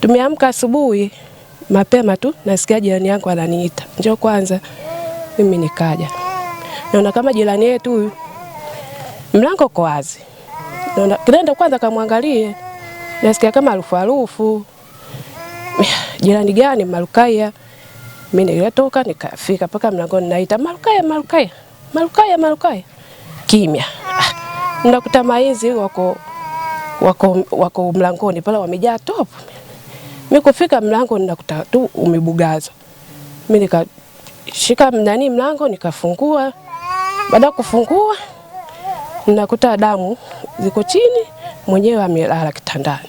Tumeamka asubuhi mapema tu, nasikia jirani yangu ananiita, njoo kwanza. Mimi nikaja, naona kama jirani yetu huyu mlango uko wazi, naona kinaenda kwanza, kamwangalie, nasikia kama harufu harufu, jirani gani? Marukaya. Mimi nilitoka nikafika mpaka mlangoni, naita Marukaya, Marukaya, Marukaya, Marukaya, kimya. Nakuta mainzi wako, wako, wako mlangoni pale, wamejaa topu kufika mlango ninakuta tu umebugaza. Mimi nikashika nani mlango nikafungua. Baada kufungua ninakuta damu ziko chini, mwenyewe amelala kitandani.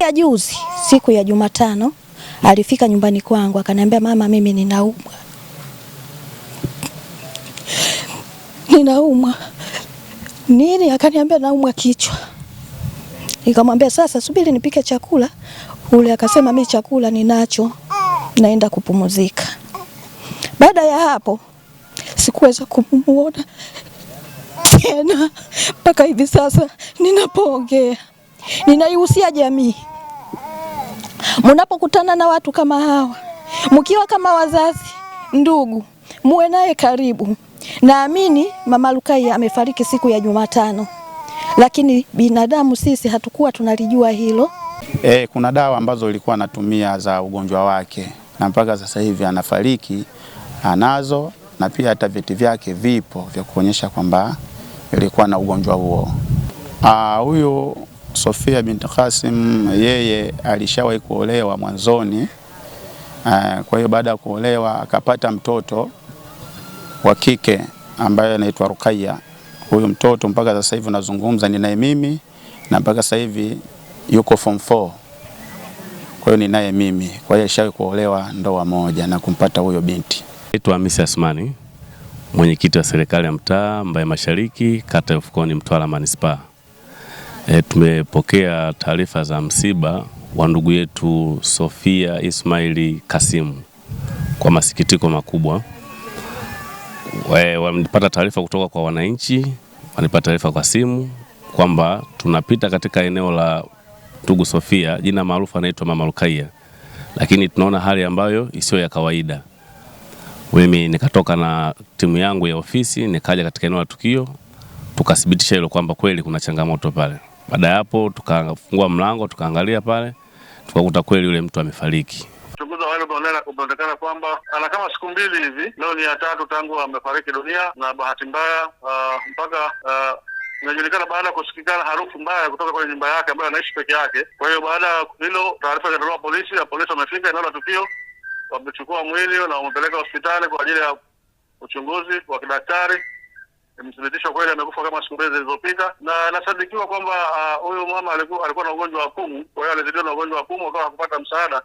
Ya juzi siku ya Jumatano alifika nyumbani kwangu akaniambia, mama, mimi ninaumwa, ninaumwa nini? Akaniambia naumwa kichwa. Nikamwambia sasa, subiri nipike chakula Ule akasema mi chakula ninacho, naenda kupumuzika Baada ya hapo sikuweza kumuona tena mpaka hivi sasa ninapoongea. Ninaihusia jamii, mnapokutana na watu kama hawa, mkiwa kama wazazi, ndugu, muwe naye karibu. Naamini mama Lukai amefariki siku ya Jumatano, lakini binadamu sisi hatukuwa tunalijua hilo. E, kuna dawa ambazo ilikuwa anatumia za ugonjwa wake na mpaka sasa hivi anafariki anazo, na pia hata vyeti vyake vipo vya kuonyesha kwamba ilikuwa na ugonjwa huo. Huyu Sofia binti Qasim yeye alishawahi kuolewa mwanzoni. Aa, kwa hiyo baada ya kuolewa akapata mtoto wa kike ambaye anaitwa Rukaya. Huyu mtoto mpaka sasa hivi unazungumza ni naye mimi, na mpaka sasa hivi yuko form 4 kwa hiyo naye mimi, kwa hiyo ishawe kuolewa ndoa moja na kumpata huyo binti. Naitwa Hamisi Asmani, mwenyekiti wa serikali ya mtaa Mbaya Mashariki, kata ya Ufukoni, Mtwara manispaa. E, tumepokea taarifa za msiba wa ndugu yetu Sofia Ismaili Kasimu kwa masikitiko makubwa. E, wamepata taarifa kutoka kwa wananchi, wanipata taarifa kwa simu kwamba tunapita katika eneo la Tugu Sofia, jina maarufu anaitwa Mama Rukaiya, lakini tunaona hali ambayo isiyo ya kawaida. Mimi nikatoka na timu yangu ya ofisi nikaja katika eneo la tukio, tukathibitisha hilo kwamba kweli kuna changamoto pale. Baada ya hapo, tukafungua mlango tukaangalia pale, tukakuta kweli yule mtu amefariki. Umeonekana kwamba ana kama siku mbili hivi, leo ni ya tatu tangu amefariki dunia, na bahati mbaya uh, mpaka uh, inajulikana baada ya kusikikana harufu mbaya kutoka kwenye nyumba yake ambayo anaishi peke yake. Kwa hiyo baada ya hilo, taarifa ikatolewa polisi, na polisi wamefika eneo la tukio, wamechukua mwili na wamepeleka hospitali kwa ajili ya uchunguzi wa kidaktari. Imethibitishwa kweli amekufa kama siku mbili zilizopita, na inasadikiwa kwamba ah, huyu uh, mama alikuwa, alikuwa na ugonjwa wa pumu. Kwa hiyo alizidiwa na ugonjwa wa pumu, akawa hakupata msaada